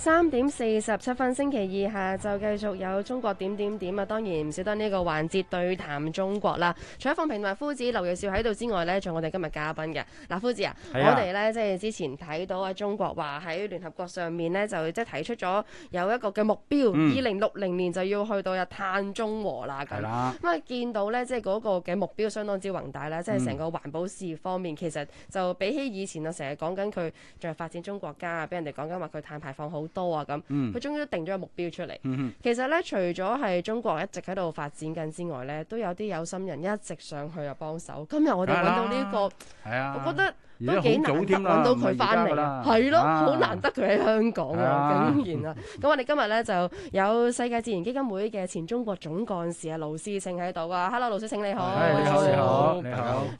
三點四十七分，星期二下晝繼續有中國點點點啊！當然唔少得呢個環節對談中國啦。除咗放平幕夫子劉銳紹喺度之外呢，仲有我哋今日嘉賓嘅嗱、啊，夫子啊，啊我哋呢即係之前睇到啊，中國話喺聯合國上面呢，就即係提出咗有一個嘅目標，二零六零年就要去到有碳中和啦咁。啊見到呢，即係嗰個嘅目標相當之宏大咧，即係成個環保事方面、嗯、其實就比起以前啊，成日講緊佢仲係發展中國家啊，俾人哋講緊話佢碳排放好多啊咁，佢、嗯、終於都定咗個目標出嚟、嗯哼。其實咧，除咗係中國一直喺度發展緊之外咧，都有啲有心人一直上去又幫手。今日我哋揾到呢、呢個，啦我覺得。都幾難揾到佢翻嚟啊！係咯，好難得佢喺香港啊！咁然啦，咁我哋今日咧就有世界自然基金會嘅前中國總幹事啊，盧思騁喺度啊！Hello，盧思騁你好。你好，你好，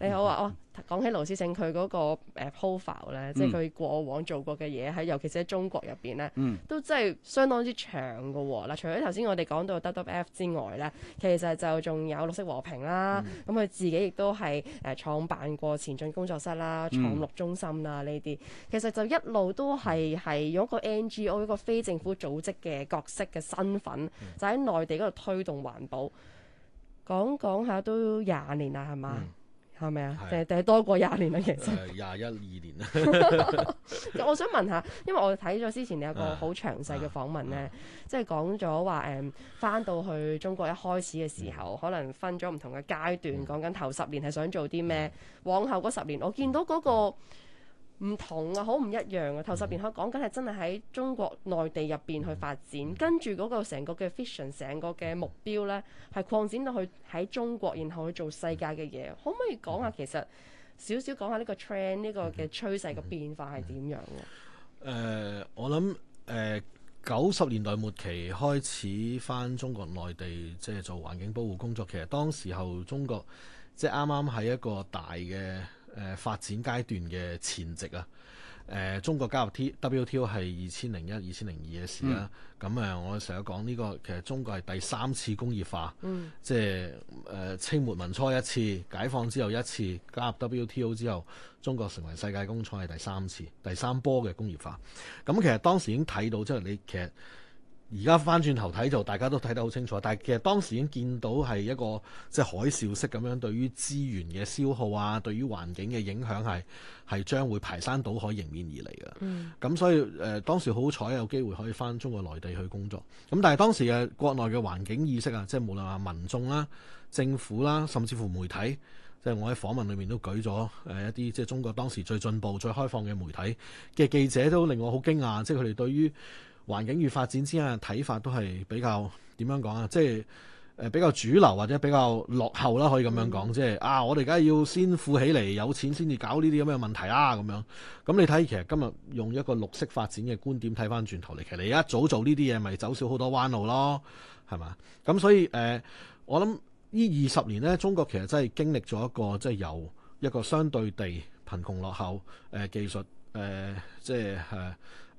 你好啊！哦，講起盧思騁佢嗰個誒 profile 咧，即係佢過往做過嘅嘢喺，尤其是喺中國入邊咧，都真係相當之長㗎喎。嗱，除咗頭先我哋講到 WWF 之外咧，其實就仲有綠色和平啦。咁佢自己亦都係誒創辦過前進工作室啦。五綠中心啦，呢啲其實就一路都係係用一個 NGO 一個非政府組織嘅角色嘅身份，嗯、就喺內地度推動環保。講講下都廿年啦，係嘛？嗯係咪啊？定定係對多過廿年啊，其實係廿、呃、 一、二年啊。 我想問下，因為我睇咗之前你有個好詳細嘅訪問呢，即係講咗話誒，翻到去中國一開始嘅時候，對可能分咗唔同嘅階段，講緊對頭十年係想做啲咩，對往後嗰十年我見到嗰、那個。唔同啊，好唔一樣啊！頭十年可講緊係真係喺中國內地入邊去發展，嗯、跟住嗰個成個嘅 vision 成個嘅目標呢，係、嗯、擴展到去喺中國，然後去做世界嘅嘢。嗯、可唔可以講下其實少少講下呢個 trend 呢個嘅趨勢個變化係點樣嘅？嗯嗯嗯嗯呃？我諗誒，呃、九十年代末期開始翻中國內地即係、就是、做環境保護工作，其實當時候中國即係啱啱喺一個大嘅誒、呃、發展階段嘅前夕啊！誒、呃、中國加入 T WTO 係二千零一、二千零二嘅事啦。咁誒，我成日講呢個其實中國係第三次工業化，mm. 即係誒、呃、清末民初一次，解放之後一次，加入 WTO 之後，中國成為世界工廠係第三次、第三波嘅工業化。咁、嗯、其實當時已經睇到，即、就、係、是、你其實。而家返轉頭睇就大家都睇得好清楚，但係其實當時已經見到係一個即係、就是、海嘯式咁樣對於資源嘅消耗啊，對於環境嘅影響係係將會排山倒海迎面而嚟嘅。咁、嗯、所以誒、呃、當時好彩有機會可以返中國內地去工作。咁但係當時嘅國內嘅環境意識啊，即係無論話民眾啦、啊、政府啦、啊，甚至乎媒體，即、就、係、是、我喺訪問裏面都舉咗誒、呃、一啲即係中國當時最進步、最開放嘅媒體嘅記者都令我好驚訝，即係佢哋對於，環境與發展之間嘅睇法都係比較點樣講啊？即係誒比較主流或者比較落後啦，可以咁樣講。即係啊，我哋而家要先富起嚟，有錢先至搞呢啲咁嘅問題啊，咁樣。咁你睇，其實今日用一個綠色發展嘅觀點睇翻轉頭嚟，其實你一早做呢啲嘢，咪走少好多彎路咯，係嘛？咁所以誒，我諗呢二十年呢，中國其實真係經歷咗一個即係由一個相對地貧窮落後、誒、技術、誒、即係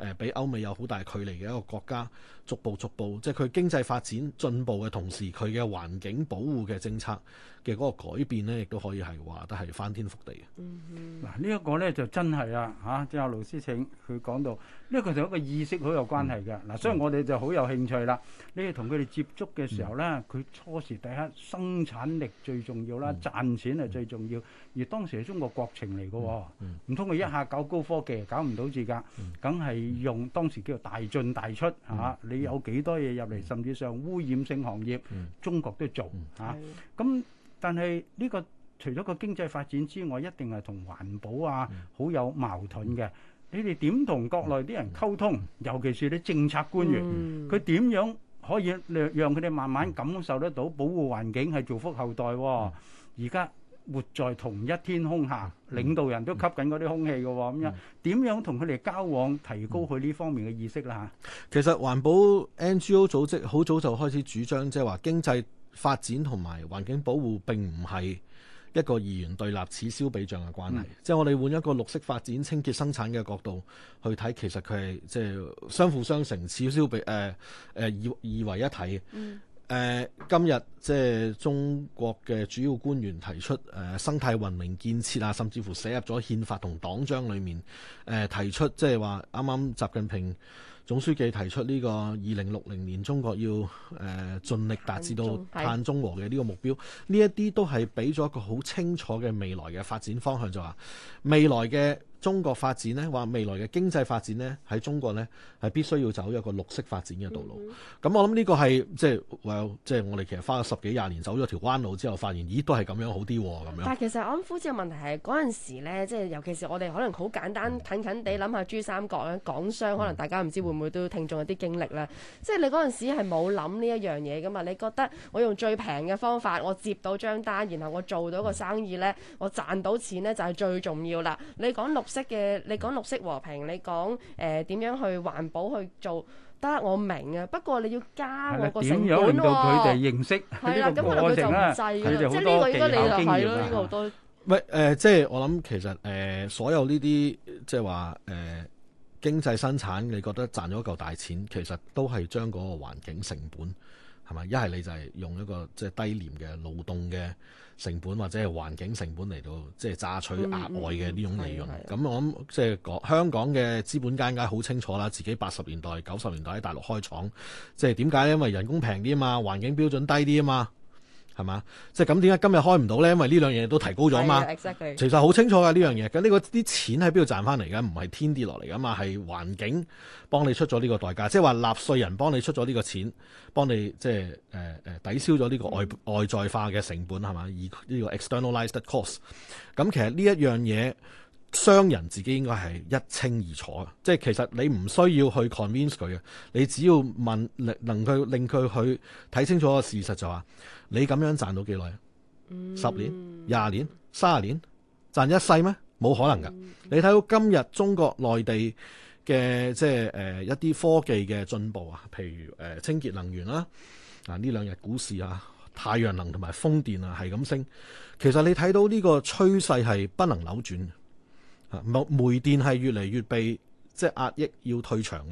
誒，比歐美有好大距離嘅一個國家，逐步逐步，即係佢經濟發展進步嘅同時，佢嘅環境保護嘅政策嘅嗰個改變咧，亦都可以係話得係翻天覆地嘅。嗱，呢一個咧就真係啦嚇！正阿盧師請佢講到，呢個就一個意識好有關係嘅。嗱，所以我哋就好有興趣啦。你哋同佢哋接觸嘅時候咧，佢初時第一生產力最重要啦，賺錢係最重要。而當時係中國國情嚟㗎喎，唔通佢一下搞高科技，搞唔到字㗎？梗係用當時叫做大進大出嚇。你有幾多嘢入嚟，甚至上污染性行業，中國都做嚇。咁但係呢、這個除咗個經濟發展之外，一定係同環保啊好有矛盾嘅。嗯、你哋點同國內啲人溝通，尤其是啲政策官員，佢點、嗯、樣可以讓佢哋慢慢感受得到保護環境係造福後代、啊？而家、嗯、活在同一天空下，嗯、領導人都吸緊嗰啲空氣嘅咁、啊、樣，點樣同佢哋交往，提高佢呢方面嘅意識啦、啊？嚇，其實環保 NGO 組織好早就開始主張，即係話經濟。發展同埋環境保護並唔係一個二元對立、此消彼長嘅關係，的即係我哋換一個綠色發展、清潔生產嘅角度去睇，其實佢係即係相輔相成、此消彼誒誒二二為一體嘅、嗯呃。今日即係中國嘅主要官員提出誒、呃、生態文明建設啊，甚至乎寫入咗憲法同黨章裡面，誒、呃、提出即係話啱啱習近平總書記提出呢個二零六零年中國要誒、呃、盡力達至到碳中和嘅呢個目標，呢一啲都係俾咗一個好清楚嘅未來嘅發展方向，就是，就話未來嘅。中國發展呢，話未來嘅經濟發展呢，喺中國呢，係必須要走一個綠色發展嘅道路。咁、mm hmm. 嗯、我諗呢個係即係話，即係我哋其實花咗十幾廿年走咗條彎路之後，發現咦都係咁樣好啲喎咁樣。但係其實我諗，夫子嘅問題係嗰陣時呢，即係尤其是我哋可能好簡單、mm hmm. 近近地諗下珠三角咧，港商可能大家唔知會唔會都聽眾有啲經歷啦。Mm hmm. 即係你嗰陣時係冇諗呢一樣嘢噶嘛？你覺得我用最平嘅方法，我接到張單，然後我做到個生意呢，mm hmm. 我賺到錢呢，就係、是、最重要啦。你講六。Mm hmm. 色嘅，你講綠色和平，你講誒點樣去環保去做得我明啊！不過你要加我個成本喎、啊。點樣令到佢哋認識呢個工程啊？佢就多幾年經驗啦。唔係誒，即係我諗其實誒、呃，所有呢啲即係話誒經濟生產，你覺得賺咗一嚿大錢，其實都係將嗰個環境成本。係咪？一係你就係用一個即係低廉嘅勞動嘅成本，或者係環境成本嚟到即係榨取額外嘅呢種利潤。咁我諗即係港香港嘅資本家好清楚啦，自己八十年代、九十年代喺大陸開廠，即係點解？因為人工平啲啊嘛，環境標準低啲啊嘛。係嘛？即係咁點解今日開唔到咧？因為呢兩樣嘢都提高咗嘛。Exactly. 其實好清楚㗎呢樣嘢。咁呢個啲錢喺邊度賺翻嚟㗎？唔係天跌落嚟㗎嘛，係環境幫你出咗呢個代價。即係話納稅人幫你出咗呢個錢，幫你即係誒誒抵消咗呢個外外在化嘅成本係嘛？以呢個 externalized cost。咁其實呢一樣嘢。商人自己應該係一清二楚，即係其實你唔需要去 convince 佢嘅，你只要問能能去令佢去睇清楚個事實，就話你咁樣賺到幾耐？十年、廿年、三十年賺一世咩？冇可能㗎。你睇到今日中國內地嘅即係誒、呃、一啲科技嘅進步啊，譬如誒、呃、清潔能源啦啊呢兩日股市啊太陽能同埋風電啊係咁升，其實你睇到呢個趨勢係不能扭轉。啊，煤電係越嚟越被即係、就是、壓抑，要退場。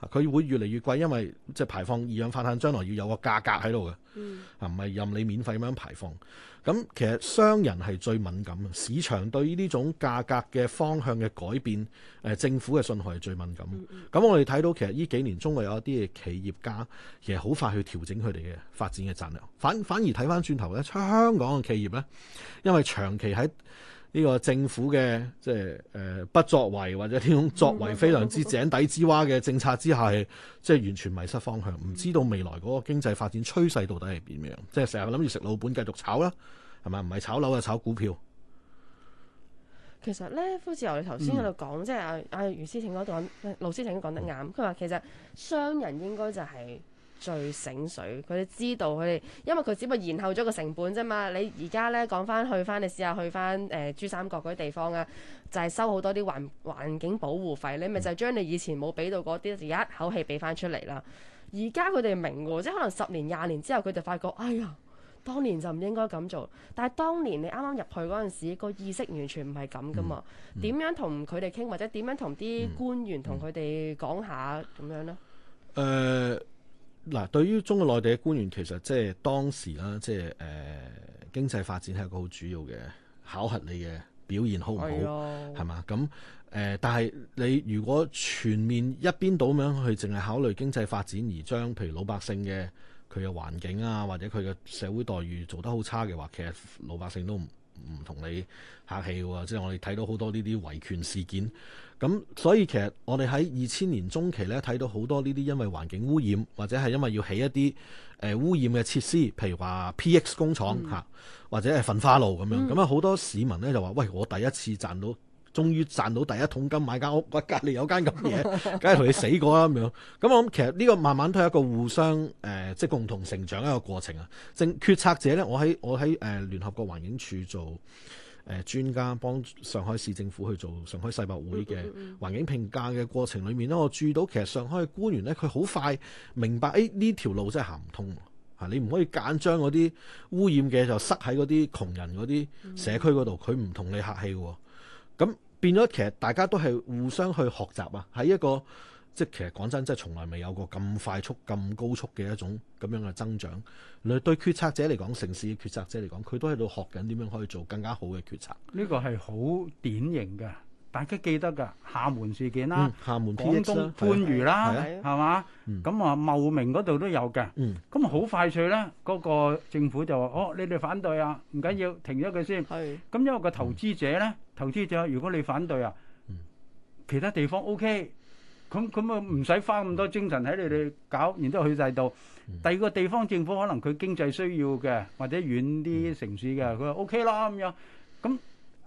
啊，佢會越嚟越貴，因為即係排放二氧化碳，將來要有個價格喺度嘅。嗯、啊，唔係任你免費咁樣排放。咁、嗯、其實商人係最敏感嘅，市場對於呢種價格嘅方向嘅改變，誒、呃、政府嘅信號係最敏感。咁我哋睇到其實呢幾年中國有一啲企業家其實好快去調整佢哋嘅發展嘅戰略。反反而睇翻轉頭咧，香港嘅企業咧，因為長期喺呢個政府嘅即係誒不作為，或者呢種作為非常之井底之蛙嘅政策之下，即係完全迷失方向，唔知道未來嗰個經濟發展趨勢到底係點樣，即係成日諗住食老本繼續炒啦，係咪？唔係炒樓就炒股票。其實咧，夫子由你頭先喺度講，即係阿阿盧思騁度，盧思騁講得啱。佢話其實商人應該就係、是。最醒水，佢哋知道佢哋，因為佢只不過延後咗個成本啫嘛。你而家呢，講翻去翻，你試下去翻誒、呃、珠三角嗰啲地方啊，就係、是、收好多啲環環境保護費，你咪就將你以前冇俾到嗰啲，而家一口氣俾翻出嚟啦。而家佢哋明喎，即係可能十年廿年之後，佢就發覺，哎呀，當年就唔應該咁做。但係當年你啱啱入去嗰陣時，個意識完全唔係咁噶嘛。點、嗯嗯、樣同佢哋傾，或者點樣同啲官員同佢哋講下咁樣呢？誒。呃嗱，對於中國內地嘅官員，其實即係當時啦，即係誒、呃、經濟發展係一個好主要嘅考核你嘅表現好唔好，係嘛的？咁誒、呃，但係你如果全面一邊倒咁樣去，淨係考慮經濟發展而將譬如老百姓嘅佢嘅環境啊，或者佢嘅社會待遇做得好差嘅話，其實老百姓都唔～唔同你客氣喎，即係我哋睇到好多呢啲維權事件，咁所以其實我哋喺二千年中期呢，睇到好多呢啲因為環境污染，或者係因為要起一啲誒、呃、污染嘅設施，譬如話 PX 工廠嚇，嗯、或者係焚化爐咁樣，咁啊好多市民呢，就話：喂，我第一次賺到。終於賺到第一桶金買間屋，我隔離有間咁嘢，梗係同你死過啦咁樣。咁我諗其實呢個慢慢都係一個互相誒、呃，即係共同成長一個過程啊。政決策者呢，我喺我喺誒、呃、聯合國環境署做誒、呃、專家，幫上海市政府去做上海世博會嘅環境評價嘅過程裡面咧，嗯、我注意到其實上海嘅官員呢，佢好快明白，誒呢條路真係行唔通啊！你唔可以揀將嗰啲污染嘅就塞喺嗰啲窮人嗰啲社區嗰度，佢唔同你客氣喎。啊。咁變咗，其實大家都係互相去學習啊！喺一個即係其實講真，即係從來未有過咁快速、咁高速嘅一種咁樣嘅增長。嚟對決策者嚟講，城市嘅決策者嚟講，佢都喺度學緊點樣可以做更加好嘅決策。呢個係好典型嘅。大家記得噶，廈門事件啦、啊，廈門啊、廣東番禺啦，係嘛？咁啊，茂名嗰度都有嘅。咁好、嗯、快脆咧，嗰、那個政府就話：哦，你哋反對啊，唔緊要，停咗佢先。咁是因為個投資者咧，嗯、投資者如果你反對啊，嗯、其他地方 O K，咁咁啊唔使花咁多精神喺你哋搞，然之後去製度，嗯、第二個地方政府可能佢經濟需要嘅，或者遠啲城市嘅，佢話 O K 啦咁樣。咁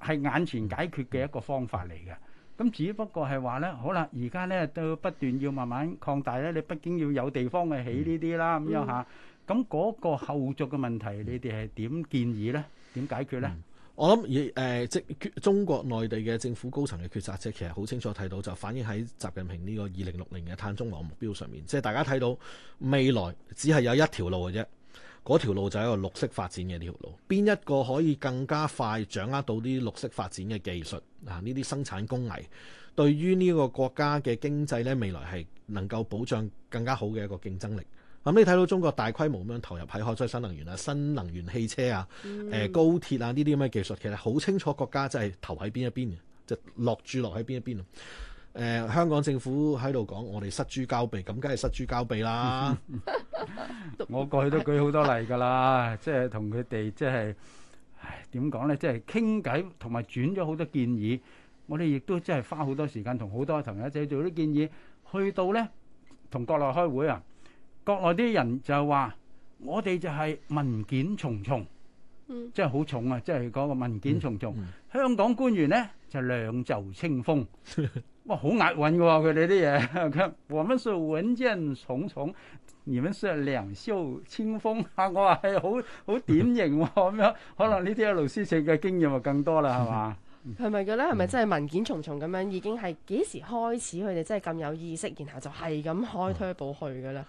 係眼前解決嘅一個方法嚟嘅，咁只不過係話呢，好啦，而家呢都不斷要慢慢擴大咧。你畢竟要有地方去起呢啲啦，咁、嗯、樣嚇。咁嗰個後續嘅問題，你哋係點建議呢？點解決呢？嗯、我諗以、呃、即中國內地嘅政府高層嘅決策者，其實好清楚睇到，就反映喺習近平呢個二零六零嘅碳中和目標上面。即係大家睇到未來只係有一條路嘅啫。嗰條路就係一個綠色發展嘅條路，邊一個可以更加快掌握到啲綠色發展嘅技術啊？呢啲生產工藝對於呢個國家嘅經濟呢，未來係能夠保障更加好嘅一個競爭力。咁、啊、你睇到中國大規模咁樣投入喺海際新能源啊、新能源汽車啊、誒、呃、高鐵啊呢啲咁嘅技術，其實好清楚國家真係投喺邊一邊嘅，就係、落注落喺邊一邊咯。誒，香港政府喺度講，我哋失諸交臂，咁梗係失諸交臂啦。我過去都舉好多例㗎啦，即係同佢哋即係唉，點講咧？即係傾偈，同埋轉咗好多建議。我哋亦都即係花好多時間同好多朋友仔做啲建議，去到咧同國內開會啊。國內啲人就話：我哋就係文件重重，嗯，即係好重啊！即係嗰個文件重重。香港官員咧就兩袖清風。哇，好押韻㗎喎！佢哋啲嘢，佢，我們是文件重重，你們是兩袖清風啊！我話係好好典型喎，咁樣可能呢啲阿盧思騁嘅經驗咪更多啦，係嘛 ？係咪㗎咧？係咪真係文件重重咁樣已經係幾時開始佢哋真係咁有意識，然後就係咁開推步去㗎咧？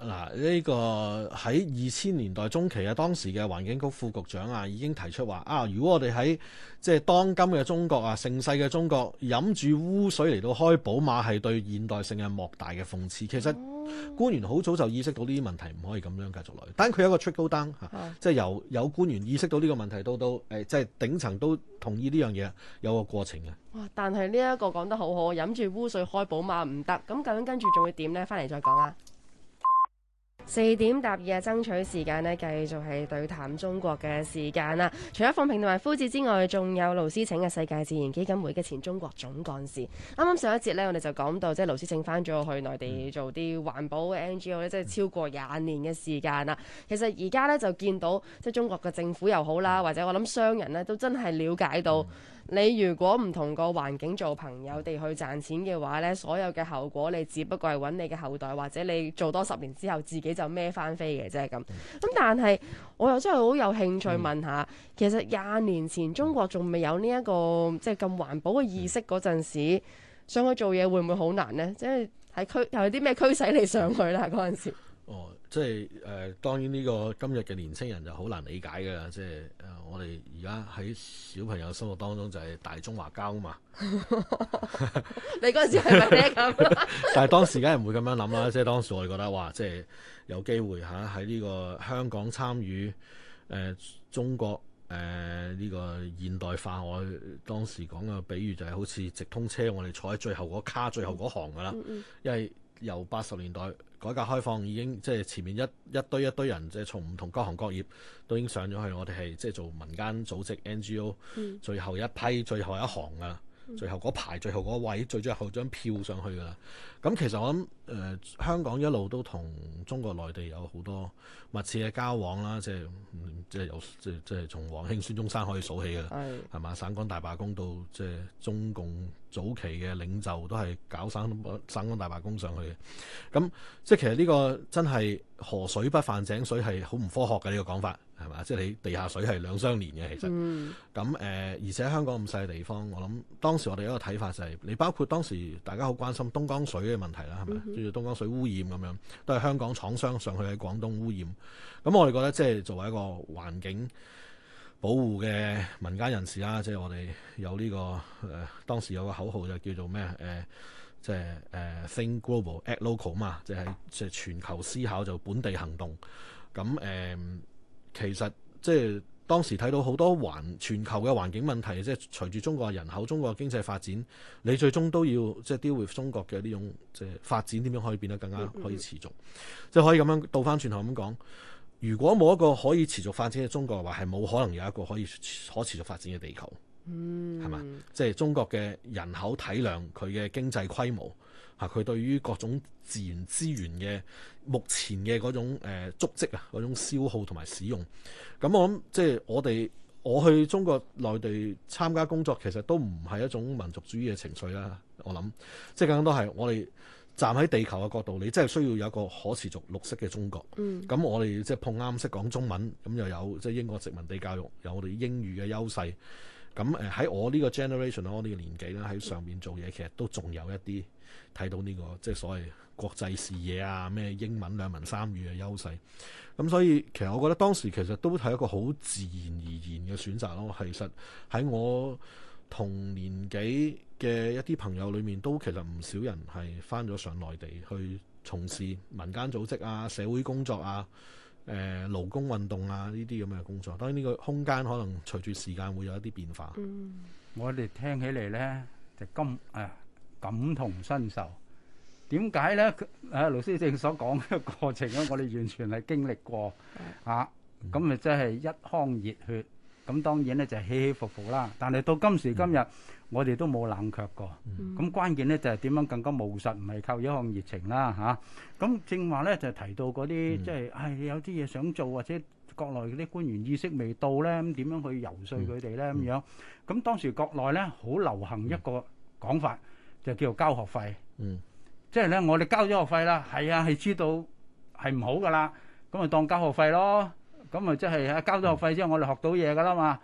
嗱，呢、這個喺二千年代中期啊，當時嘅環境局副局長啊，已經提出話啊，如果我哋喺即係當今嘅中國啊，盛世嘅中國飲住污水嚟到開寶馬，係對現代性嘅莫大嘅諷刺。其實、哦、官員好早就意識到呢啲問題唔可以咁樣繼續落去。但係佢有一個 trickle down、啊嗯、即係由有官員意識到呢個問題到到誒，即係頂層都同意呢樣嘢，有個過程嘅。哇！但係呢一個講得好好，飲住污水開寶馬唔得咁，咁究竟跟住仲會點呢？翻嚟再講啊！四點答二啊！爭取時間咧，繼續係對談中國嘅時間啦。除咗放平同埋夫子之外，仲有盧思騁嘅世界自然基金會嘅前中國總幹事。啱啱上一節咧，我哋就講到即係盧思騁返咗去內地做啲環保嘅 NGO，即係超過廿年嘅時間啦。其實而家咧就見到即係中國嘅政府又好啦，或者我諗商人咧都真係了解到，你如果唔同個環境做朋友地去賺錢嘅話咧，所有嘅後果你只不過係揾你嘅後代，或者你做多十年之後自己。就孭翻飛嘅啫咁，咁、 嗯、但係我又真係好有興趣問下，的其實廿年前中國仲未有呢、這、一個即係咁環保嘅意識嗰陣時，上去做嘢會唔會好難呢？即係喺驅又有啲咩驅使你上去啦嗰陣時？哦，即係誒、呃，當然呢個今日嘅年青人就好難理解噶啦，即係誒、呃，我哋而家喺小朋友生活當中就係大中華膠啊嘛。 你嗰陣時係咪咩咁？ 但係當時梗係唔會咁樣諗啦，即係當時我哋覺得哇，即係有機會嚇喺呢個香港參與誒、呃、中國誒呢、呃呢個現代化。我當時講嘅比喻就係好似直通車，我哋坐喺最後嗰卡、最後嗰行噶啦，嗯嗯因為由八十年代。改革開放已經即係前面一一堆一堆人，即係從唔同各行各業都已經上咗去，我哋係即係做民間組織 NGO、嗯、最後一批、最後一行㗎喇！最後嗰排，最後嗰位，最最後張票上去噶啦。咁其實我諗，誒、呃、香港一路都同中國內地有好多密切嘅交往啦，即係即係有即即係從黃興、孫中山可以數起噶啦，係嘛的？省港大罷工到即係中共早期嘅領袖都係搞省省港大罷工上去嘅。咁即係其實呢個真係河水不犯井水係好唔科學嘅呢、呢個講法。係嘛？即係你地下水係兩相連嘅，其實咁誒、呃，而且香港咁細嘅地方，我諗當時我哋一個睇法就係、是、你包括當時大家好關心東江水嘅問題啦，係咪？叫做、嗯、哼東江水污染咁樣，都係香港廠商上去喺廣東污染。咁我哋覺得即係作為一個環境保護嘅民間人士啦，即係我哋有呢、這個誒、呃，當時有個口號就叫做咩誒、呃，即係誒、呃、think global, act local 嘛，即係即係全球思考就是、本地行動咁誒。其實即係當時睇到好多環全球嘅環境問題，即係隨住中國人口、中國嘅經濟發展，你最終都要即係 deal with 中國嘅呢種即係發展點樣可以變得更加可以持續，mm hmm. 即係可以咁樣倒翻轉頭咁講。如果冇一個可以持續發展嘅中國話，話係冇可能有一個可以可持續發展嘅地球，嗯、mm，係、hmm. 嘛？即係中國嘅人口體量，佢嘅經濟規模，嚇，佢對於各種自然資源嘅目前嘅嗰種、呃、足跡啊，嗰種消耗同埋使用咁，我諗即係我哋我去中國內地參加工作，其實都唔係一種民族主義嘅情緒啦。我諗即係更加多係我哋站喺地球嘅角度，你真係需要有一個可持續綠色嘅中國。嗯，咁我哋即係碰啱識講中文，咁又有即係英國殖民地教育，有我哋英語嘅優勢。咁誒喺我呢個 generation，我呢個年紀咧喺上面做嘢，其實都仲有一啲。睇到呢、這個即係所謂國際視野啊，咩英文兩文三語嘅優勢，咁所以其實我覺得當時其實都係一個好自然而然嘅選擇咯。其實喺我同年紀嘅一啲朋友裏面，都其實唔少人係翻咗上內地去從事民間組織啊、社會工作啊、誒、呃、勞工運動啊呢啲咁嘅工作。當然呢個空間可能隨住時間會有一啲變化。嗯，我哋聽起嚟呢，就咁誒，感同身受，點解咧？誒，盧生正所講嘅過程咧，我哋完全係經歷過嚇，咁咪真係一腔熱血咁。當然咧，就起起伏伏啦。但係到今時今日，我哋都冇冷卻過。咁關鍵咧，就係點樣更加務實，唔係靠一腔熱情啦嚇。咁正話咧，就提到嗰啲即係誒有啲嘢想做，或者國內嗰啲官員意識未到咧，咁點樣去遊説佢哋咧？咁樣。咁當時國內咧，好流行一個講法。就叫做交學費，即係咧，我哋交咗學費啦，係啊，係知道係唔好噶啦，咁咪當交學費咯，咁咪即係啊，交咗學費之後，我哋學到嘢噶啦嘛，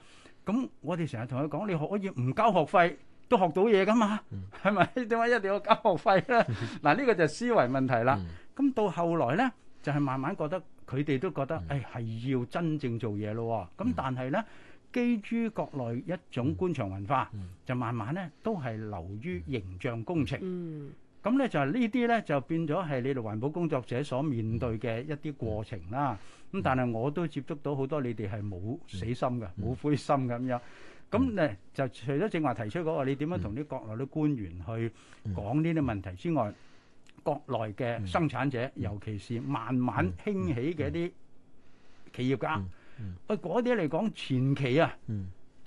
咁我哋成日同佢講，你可以唔交學費都學到嘢噶嘛，係咪？點解一定要交學費咧？嗱，呢個就係思維問題啦。咁到後來咧，就係慢慢覺得佢哋都覺得，誒係要真正做嘢咯。咁但係咧。基於國內一種官場文化，就慢慢咧都係流於形象工程。咁咧就係呢啲咧就變咗係你哋環保工作者所面對嘅一啲過程啦。咁但係我都接觸到好多你哋係冇死心嘅，冇灰心咁樣。咁咧就除咗正話提出嗰個你點樣同啲國內啲官員去講呢啲問題之外，國內嘅生產者，尤其是慢慢興起嘅一啲企業家。喂，嗰啲嚟講前期啊，即、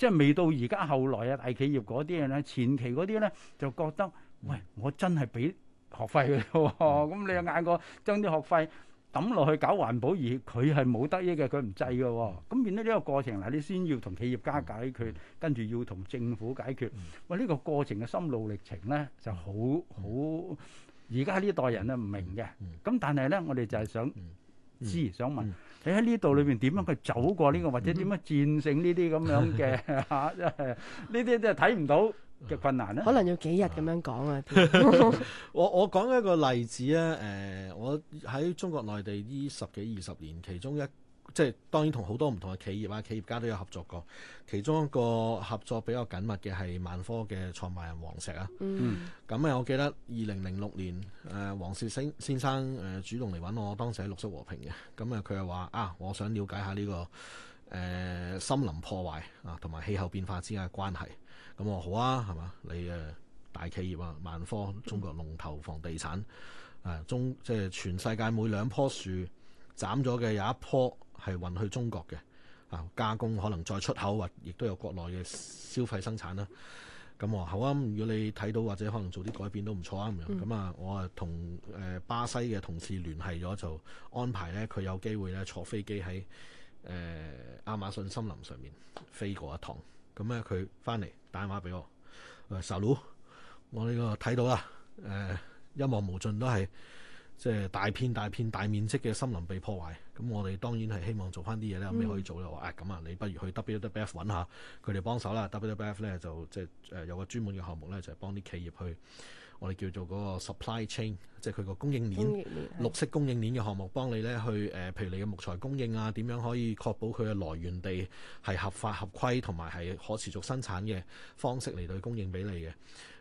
就、係、是、未到而家後來啊，大企業嗰啲嘢咧，前期嗰啲咧就覺得，喂，我真係俾學費嘅，咁、 嗯、 你又嗌我將啲學費抌落去搞環保，而佢係冇得益嘅，佢唔制嘅，咁變咗呢個過程嗱，你先要同企業家解決，嗯、跟住要同政府解決，喂、嗯，呢、哎這個過程嘅心路歷程咧就好、嗯嗯、好，而家呢代人咧唔明嘅，咁但係咧，我哋就係想、嗯。知、嗯、想問，你喺呢度裏邊點樣去走過呢、這個，嗯、哼或者點樣戰勝呢啲咁樣嘅嚇，呢啲即係睇唔到嘅困難咧？ 可能要幾日咁樣講啊！ 我我講一個例子啊，誒、呃，我喺中國內地呢十幾二十年，其中一。即係當然同好多唔同嘅企業啊、企業家都有合作過，其中一個合作比較緊密嘅係萬科嘅創辦人王石啊。嗯。咁啊、嗯嗯，我記得二零零六年，誒王石先生誒、呃、主動嚟揾我，當時喺綠色和平嘅。咁、嗯、啊，佢係話啊，我想了解下呢、這個誒、呃、森林破壞啊同埋氣候變化之間嘅關係。咁、嗯、我好啊，係嘛？你誒大企業啊，萬科中國龍頭房地產誒、啊、中，即係全世界每兩棵樹斬咗嘅有一棵。係運去中國嘅，啊，加工可能再出口或亦都有國內嘅消費生產啦。咁我好啊，如果你睇到或者可能做啲改變都唔錯啊咁樣。咁啊、嗯，我啊同誒巴西嘅同事聯繫咗，就安排咧佢有機會咧坐飛機喺誒、呃、亞馬遜森林上面飛過一趟。咁咧佢翻嚟打電話俾我，誒、呃、Sa 佬我呢個睇到啦，誒、呃、一望無盡都係。即係大片大片大面積嘅森林被破壞，咁我哋當然係希望做翻啲嘢咧，有咩可以做咧？我話、嗯：，咁啊，你不如去 WWF 揾下佢哋幫手啦。WWF 咧就即係誒、呃、有個專門嘅項目咧，就係、是、幫啲企業去我哋叫做嗰個 supply chain，即係佢個供應鏈，供應鏈綠色供應鏈嘅項目，幫你咧去誒、呃，譬如你嘅木材供應啊，點樣可以確保佢嘅來源地係合法合規，同埋係可持續生產嘅方式嚟到供應俾你嘅。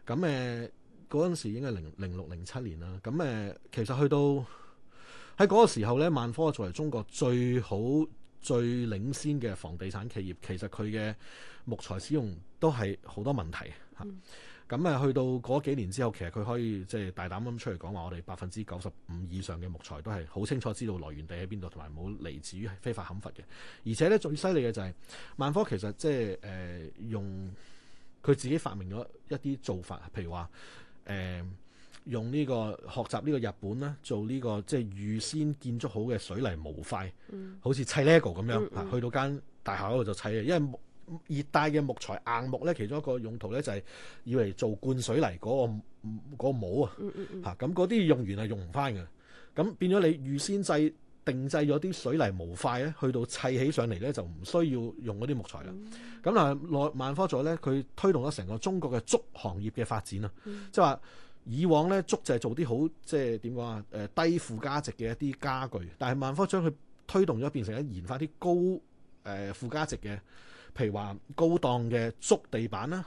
咁誒、嗯。嗰陣時應該係零零六零七年啦，咁誒其實去到喺嗰個時候呢，萬科作為中國最好最領先嘅房地產企業，其實佢嘅木材使用都係好多問題㗎。咁誒、嗯啊、去到嗰幾年之後，其實佢可以即係大膽咁出嚟講話，我哋百分之九十五以上嘅木材都係好清楚知道來源地喺邊度，同埋冇嚟自於非法砍伐嘅。而且呢，最犀利嘅就係、是、萬科其實即係、呃、用佢自己發明咗一啲做法，譬如話。誒、嗯、用呢、這個學習呢個日本咧，做呢、這個即係預先建築好嘅水泥模塊，嗯、好似砌 Lego 咁樣啊，嗯嗯、去到間大廈嗰度就砌嘅。因為熱帶嘅木材硬木咧，其中一個用途咧就係用嚟做灌水泥嗰、那個嗰、那個、模、嗯嗯、啊嚇，咁嗰啲用完係用唔翻嘅，咁變咗你預先製。定制咗啲水泥模塊咧，去到砌起上嚟咧就唔需要用嗰啲木材啦。咁啊、嗯，內萬科咗咧，佢推動咗成個中國嘅竹行業嘅發展啦。即係話以往咧，竹就係做啲好即係點講啊？誒、就是、低附加值嘅一啲家具。但係萬科將佢推動咗變成一、研發啲高誒、呃、附加值嘅，譬如話高檔嘅竹地板啦。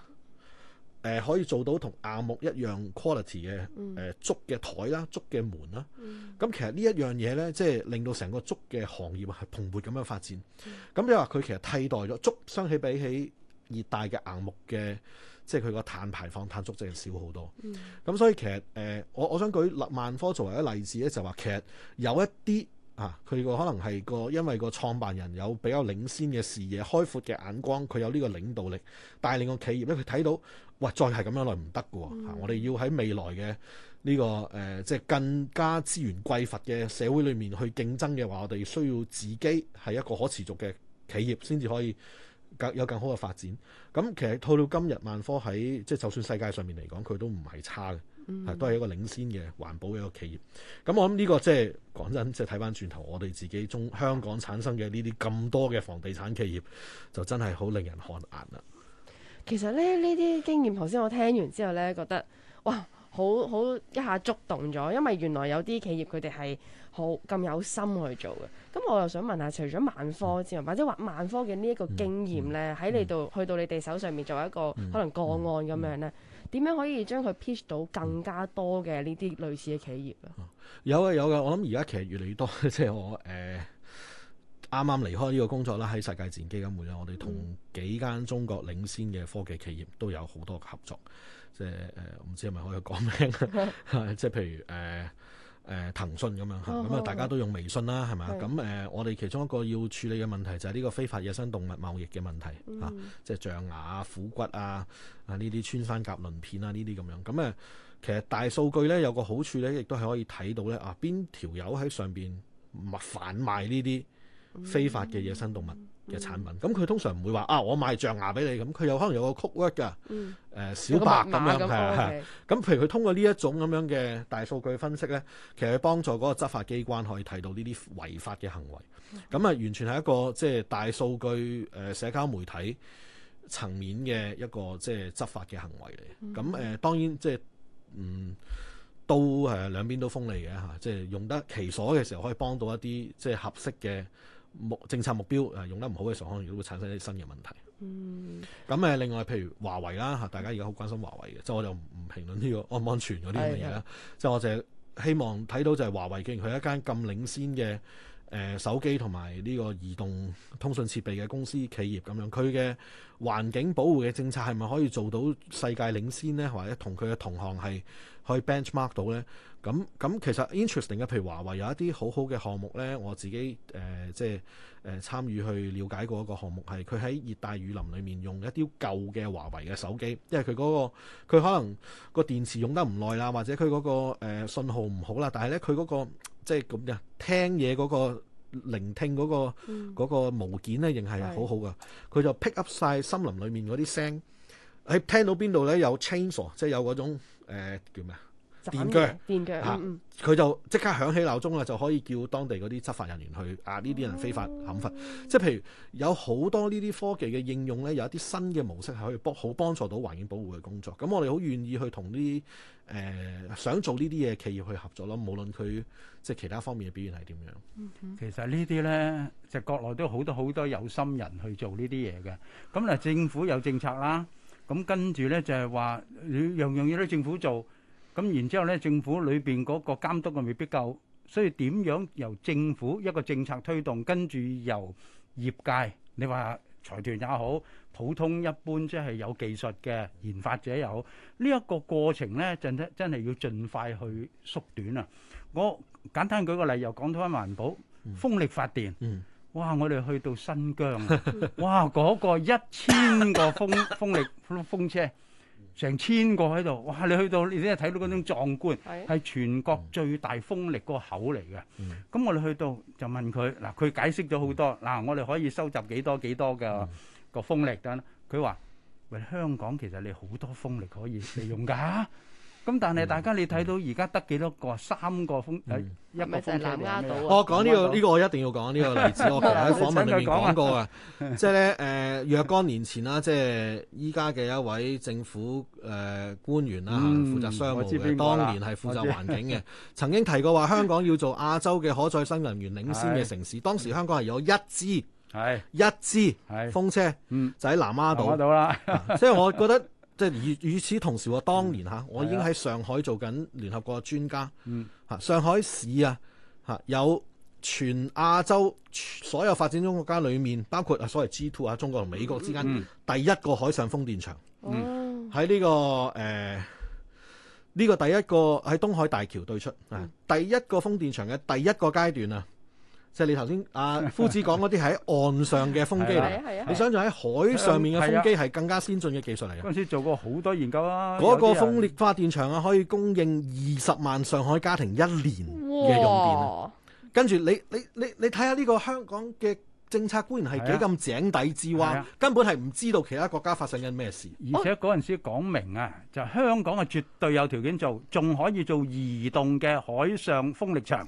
誒、呃、可以做到同硬木一樣 quality 嘅誒竹嘅台啦、竹嘅、啊、門啦、啊，咁、嗯、其實呢一樣嘢咧，即、就、係、是、令到成個竹嘅行業係蓬勃咁樣發展。咁你話佢其實替代咗竹，相起比起熱帶嘅硬木嘅，即係佢個碳排放、碳足跡係少好多。咁、嗯、所以其實誒、呃，我我想舉萬科作為一例子咧，就話、是、其實有一啲。嚇佢個可能係個，因為個創辦人有比較領先嘅視野、開闊嘅眼光，佢有呢個領導力，帶領個企業咧。佢睇到，哇！再係咁樣嚟唔得嘅喎，嗯、我哋要喺未來嘅呢、呢個誒、呃，即係更加資源匱乏嘅社會裡面去競爭嘅話，我哋需要自己係一個可持續嘅企業，先至可以更有更好嘅發展。咁其實到到今日，萬科喺即係就算世界上面嚟講，佢都唔係差嘅。係、嗯、都係一個領先嘅環保嘅一個企業，咁我諗呢個即係講真，即係睇翻轉頭，我哋自己中香港產生嘅呢啲咁多嘅房地產企業，就真係好令人汗顏啦。其實咧，呢啲經驗，頭先我聽完之後咧，覺得哇，好好，好一下觸動咗，因為原來有啲企業佢哋係好咁有心去做嘅。咁我又想問下，除咗萬科之外，或者話萬科嘅呢一個經驗咧，喺、嗯嗯、你度、嗯、去到你哋手上面作為一個、嗯、可能個案咁樣咧？嗯嗯點樣可以將佢 pitch 到更加多嘅呢啲類似嘅企業啊、嗯？有嘅有嘅，我諗而家其實越嚟越多。即係我誒啱啱離開呢個工作啦，喺世界自然基金會咧，我哋同幾間中國領先嘅科技企業都有好多合作。即係誒，唔知係咪可以講咩？即係譬如誒。呃誒、呃、騰訊咁樣嚇，咁啊、哦、大家都用微信啦，係咪？咁誒、呃，我哋其中一個要處理嘅問題就係呢個非法野生動物貿易嘅問題嚇、嗯啊，即係象牙啊、虎骨啊、啊呢啲穿山甲鱗片啊呢啲咁樣。咁、嗯、啊，其實大數據咧有個好處咧，亦都係可以睇到咧啊，邊條友喺上邊物販賣呢啲。非法嘅野生動物嘅產品，咁佢、嗯嗯、通常唔會話啊，我賣象牙俾你，咁佢有可能有個 code word 嘅，誒、呃、小白咁樣係，咁譬如佢通過呢一種咁樣嘅大數據分析呢，其實幫助嗰個執法機關可以睇到呢啲違法嘅行為，咁啊、嗯、完全係一個即係、就是、大數據誒、呃、社交媒體層面嘅一個即係執法嘅行為嚟，咁誒、嗯嗯、當然即係嗯都誒兩邊都鋒利嘅吓，即、就、係、是、用得其所嘅時候可以幫到一啲即係合適嘅。目政策目標，誒用得唔好嘅時候，可能都會產生一啲新嘅問題。嗯。咁誒，另外譬如華為啦嚇，大家而家好關心華為嘅，即係我就唔評論呢個安唔安全嗰啲咁嘅嘢啦。即係我就希望睇到就係華為竟然佢係一間咁領先嘅誒、呃、手機同埋呢個移動通訊設備嘅公司企業咁樣，佢嘅環境保護嘅政策係咪可以做到世界領先咧，或者同佢嘅同行係去 benchmark 到咧？咁咁其實 interesting 嘅，譬如華為有一啲好好嘅項目咧，我自己誒、呃、即係誒、呃、參與去了解過一個項目，係佢喺熱帶雨林裡面用一啲舊嘅華為嘅手機，因為佢嗰、那個佢可能個電池用得唔耐啦，或者佢嗰、那個、呃、信號唔好啦，但係咧佢嗰個即係咁嘅聽嘢嗰、那個聆聽嗰、那個嗯、個模件咧，仍係好好噶。佢是就 pick up 曬森林裡面嗰啲聲，喺聽到邊度咧有 chainsaw 即係有嗰種、呃、叫咩電鋸，嚇佢鋸、啊、就即刻響起鬧鐘啦，嗯、就可以叫當地嗰啲執法人員去啊！呢啲人非法砍伐、嗯，即係譬如有好多呢啲科技嘅應用咧，有一啲新嘅模式係可以幫好幫助到環境保護嘅工作。咁我哋好願意去同啲誒想做呢啲嘢企業去合作咯，無論佢即係其他方面嘅表現係點樣。嗯、哼其實呢啲咧就是、國內都好多好多有心人去做呢啲嘢嘅。咁嗱，政府有政策啦，咁跟住咧就係、是、話，樣樣要都政府做。咁然之後咧，政府裏邊嗰個監督又未必夠，所以點樣由政府一個政策推動，跟住由業界，你話財團也好，普通一般即係有技術嘅研發者又好，呢一個過程咧，真真真係要盡快去縮短啊！我簡單舉個例，又講返環保風力發電，哇！我哋去到新疆，哇！嗰個一千個風風力風車。成千個喺度，哇！你去到你真係睇到嗰種壯觀，係是全國最大風力個口嚟嘅。咁、嗯、我哋去到就問佢，嗱佢解釋咗好多。嗱、嗯、我哋可以收集幾多幾多嘅個,、嗯、個風力？得佢話：，喂香港其實你好多風力可以利用㗎、啊。 咁但係大家你睇到而家得幾多個？三個風，一咪就係南丫島。我講呢個呢個我一定要講呢個例子，我喺訪問裏面講過啊。即係咧，誒，若干年前啦，即係依家嘅一位政府誒官員啦，負責商務嘅，當年係負責環境嘅，曾經提過話香港要做亞洲嘅可再生能源領先嘅城市。當時香港係有一支，係一支風車，嗯，就喺南丫島。島啦，所以我覺得。即係，與與此同時我當年嚇，嗯、我已經喺上海做緊聯合國專家。嗯，嚇上海市啊，嚇有全亞洲所有發展中國家裡面，包括啊所謂 G2 啊中國同美國之間第一個海上風電場。哦、嗯，喺呢、這個誒呢、呃這個第一個喺東海大橋對出啊，嗯、第一個風電場嘅第一個階段啊。即係你頭先阿夫子講嗰啲喺岸上嘅風機嚟，啊啊啊、你想像喺海上面嘅風機係更加先進嘅技術嚟。嗰陣時做過好多研究啦，嗰個風力發電場啊，可以供應二十萬上海家庭一年嘅用電。跟住哇你你你你睇下呢個香港嘅政策官員係幾咁井底之蛙，啊啊、根本係唔知道其他國家發生緊咩事。而且嗰陣時講明啊，就是、香港係絕對有條件做，仲可以做移動嘅海上風力場。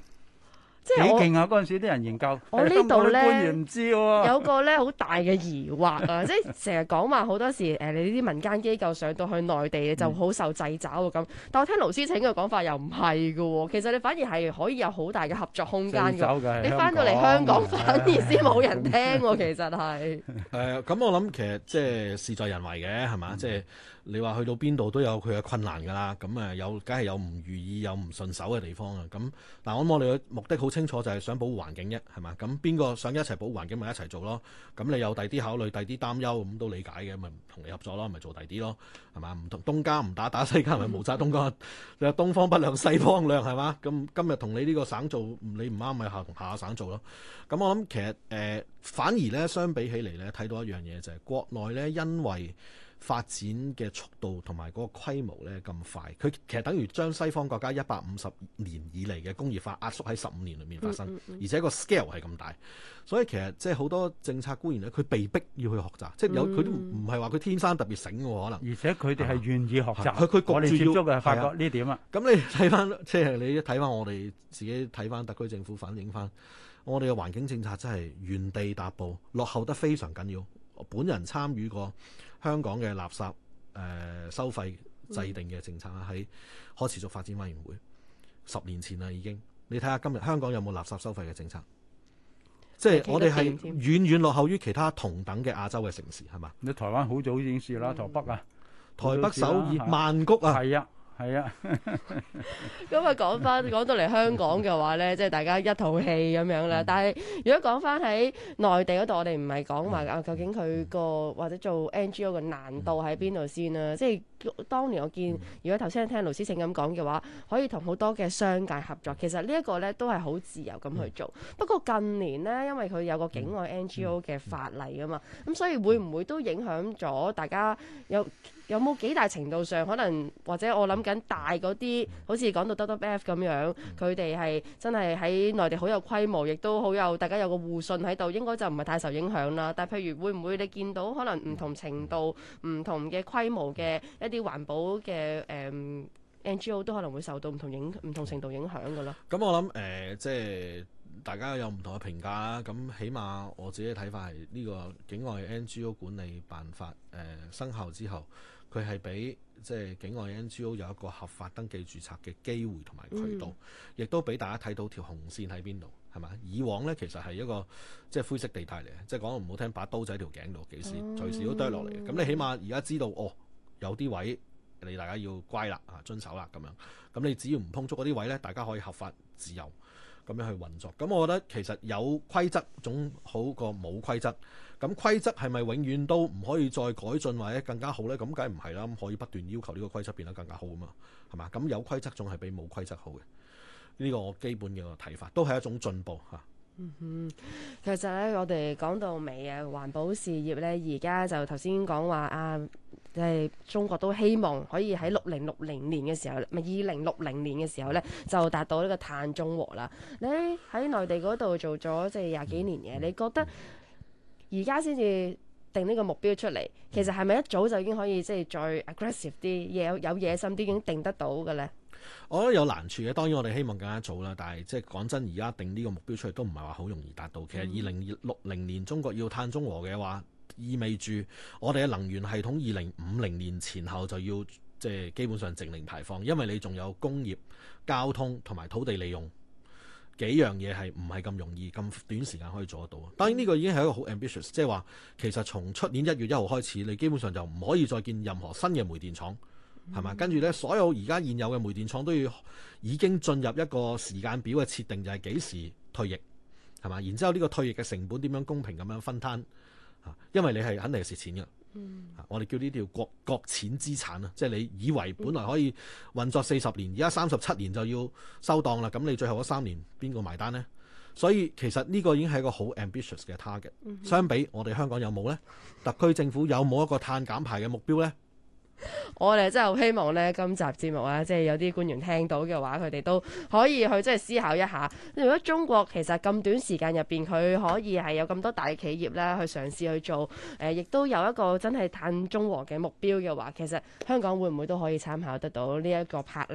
即係幾勁啊！嗰陣時啲人研究，我呢度咧、欸、唔知、啊、有個咧好大嘅疑惑啊！ 即係成日講話好多時誒、呃，你呢啲民間機構上到去內地就好受掣肘。喎咁。但我聽盧思騁嘅講法又唔係嘅喎，其實你反而係可以有好大嘅合作空間嘅。你翻到嚟香港反而先冇人聽喎、啊，其實係。誒、哎，咁我諗其實即係事在人為嘅，係、嗯、嘛？即、嗯、係。嗯你話去到邊度都有佢嘅困難㗎啦，咁誒有，梗係有唔如意、有唔順手嘅地方啊。咁嗱，但我諗我哋嘅目的好清楚，就係想保護環境啫，係嘛？咁邊個想一齊保護環境，咪一齊做咯。咁你有第啲考慮、第啲擔憂，咁都理解嘅，咪同你合作咯，咪做第啲咯，係嘛？唔同東家唔打打西家，咪無曬東家。你話東方不亮西方亮，係嘛？咁今日同你呢個省做，你唔啱咪下同下個省做咯。咁我諗其實誒、呃，反而咧相比起嚟咧，睇到一樣嘢就係國內咧，因為，發展嘅速度同埋嗰個規模咧咁快，佢其實等於將西方國家一百五十年以嚟嘅工業化壓縮喺十五年裏面發生，嗯嗯、而且個 scale 係咁大，所以其實即係好多政策官員咧，佢被逼要去學習，嗯、即係有佢都唔係話佢天生特別醒嘅可能。而且佢哋係願意學習，佢佢逼住要發覺呢點啊。咁你睇翻即係你睇翻我哋自己睇翻特區政府反映翻，我哋嘅環境政策真係原地踏步，落後得非常緊要。本人參與過,過。香港嘅垃圾誒、呃、收費制定嘅政策啦，喺可持續發展委員會十年前啦已經，你睇下今日香港有冇垃圾收費嘅政策？即係我哋係遠遠落後於其他同等嘅亞洲嘅城市，係嘛？你台灣好早已經試啦，台北啊，台北首爾、曼谷啊。係啊，咁啊， 講翻講到嚟香港嘅話呢，即係大家一套戲咁樣啦。但係如果講翻喺內地嗰度，我哋唔係講話啊，究竟佢個或者做 NGO 嘅難度喺邊度先啦、啊？即係當年我見，如果頭先聽盧思騁咁講嘅話，可以同好多嘅商界合作。其實呢一個呢，都係好自由咁去做。不過近年呢，因為佢有個境外 NGO 嘅法例啊嘛，咁所以會唔會都影響咗大家有？有冇幾大程度上，可能或者我諗緊大嗰啲，嗯、好似講到 WWF 咁樣，佢哋係真係喺內地好有規模，亦都好有大家有個互信喺度，應該就唔係太受影響啦。但係譬如會唔會你見到可能唔同程度、唔、嗯、同嘅規模嘅一啲環保嘅誒、um, NGO 都可能會受到唔同影唔同程度影響㗎啦？咁、嗯、我諗誒、呃，即係大家有唔同嘅評價啦。咁起碼我自己嘅睇法係，呢個境外 NGO 管理辦法誒、呃、生效之後，佢係俾即係境外 NGO 有一個合法登記註冊嘅機會同埋渠道，亦、嗯、都俾大家睇到條紅線喺邊度，係嘛？以往呢，其實係一個即係灰色地帶嚟嘅，即係講唔好聽，把刀仔條頸度幾時隨時都剁落嚟嘅。咁、嗯、你起碼而家知道哦，有啲位你大家要乖啦啊，遵守啦咁樣。咁你只要唔碰觸嗰啲位呢，大家可以合法自由咁樣去運作。咁我覺得其實有規則總好過冇規則。咁規則係咪永遠都唔可以再改進或者更加好呢？咁梗係唔係啦？咁可以不斷要求呢個規則變得更加好啊嘛，係嘛？咁有規則仲係比冇規則好嘅，呢個基本嘅睇法都係一種進步嚇。嗯哼，其實咧，我哋講到尾啊，環保事業呢，而家就頭先講話啊，即係中國都希望可以喺六零六零年嘅時候，咪二零六零年嘅時候呢，就達到呢個碳中和啦。你喺內地嗰度做咗即係廿幾年嘢，嗯哼，你覺得？而家先至定呢個目標出嚟，其實係咪一早就已經可以即係再 aggressive 啲，嘢，有野心啲，已經定得到嘅呢？我覺得有難處嘅，當然我哋希望更加早啦。但係即係講真，而家定呢個目標出嚟都唔係話好容易達到。其實二零六零年中國要碳中和嘅話，意味住我哋嘅能源系統二零五零年前後就要即係基本上淨零排放，因為你仲有工業、交通同埋土地利用。幾樣嘢係唔係咁容易咁短時間可以做得到啊？當然呢個已經係一個好 ambitious，即係話其實從出年一月一號開始，你基本上就唔可以再建任何新嘅煤電廠，係嘛？跟住、mm hmm. 呢，所有而家現有嘅煤電廠都要已經進入一個時間表嘅設定，就係、係、幾時退役，係嘛？然之後呢個退役嘅成本點樣公平咁樣分攤？因為你係肯定係蝕錢㗎。嗯，我哋叫呢條國國錢資產啊，即係你以為本來可以運作四十年，而家三十七年就要收檔啦。咁你最後嗰三年邊個埋單呢？所以其實呢個已經係一個好 ambitious 嘅 target。相比我哋香港有冇呢？特區政府有冇一個碳減排嘅目標呢？我哋真係好希望呢今集節目咧，即係有啲官員聽到嘅話，佢哋都可以去即係思考一下。如果中國其實咁短時間入邊，佢可以係有咁多大企業咧去嘗試去做，誒、呃，亦都有一個真係碳中和嘅目標嘅話，其實香港會唔會都可以參考得到呢一個魄力？